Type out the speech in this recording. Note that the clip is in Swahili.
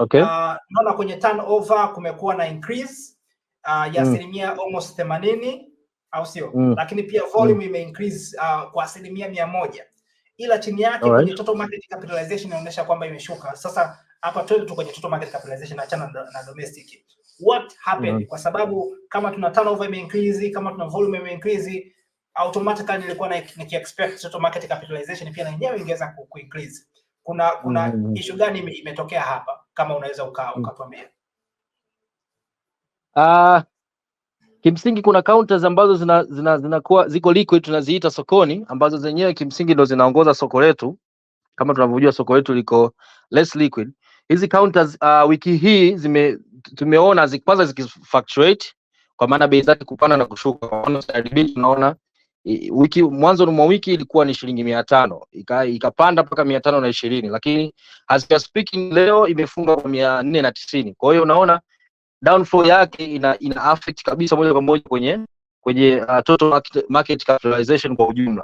okay. Uh, ah, naona kwenye turnover kumekuwa na increase uh, ya mm. asilimia mm. almost themanini au sio? mm. Lakini pia volume mm. ime increase uh, kwa asilimia mia moja ila chini yake right. Kwenye total market capitalization inaonyesha kwamba imeshuka. Sasa hapa twende tu kwenye total market capitalization, achana na domestic. What happened? mm. Kwa sababu kama tuna turnover ime increase, kama tuna volume ime increase automatically nilikuwa na niki expect total market capitalization pia na yenyewe ingeweza ku increase. Kuna kuna mm. issue gani imetokea hapa? kama unaweza ukatuambia uka Uh, kimsingi kuna counters ambazo zina, zina, zinakuwa ziko liquid tunaziita sokoni ambazo zenyewe kimsingi ndo zinaongoza soko letu kama tunavyojua soko letu liko less liquid. Hizi counters uh, wiki hii zime tumeona kwanza zikifluctuate kwa maana bei zake kupanda na kushuka. Kwa maana tunaona wiki mwanzo mwa wiki ilikuwa ni shilingi mia tano ikapanda mpaka mia tano na ishirini lakini as we speaking leo imefunga kwa mia nne na tisini kwa hiyo unaona downfall yake ina, ina affect kabisa moja kwa moja kwenye kwenye uh, total market, capitalization kwa ujumla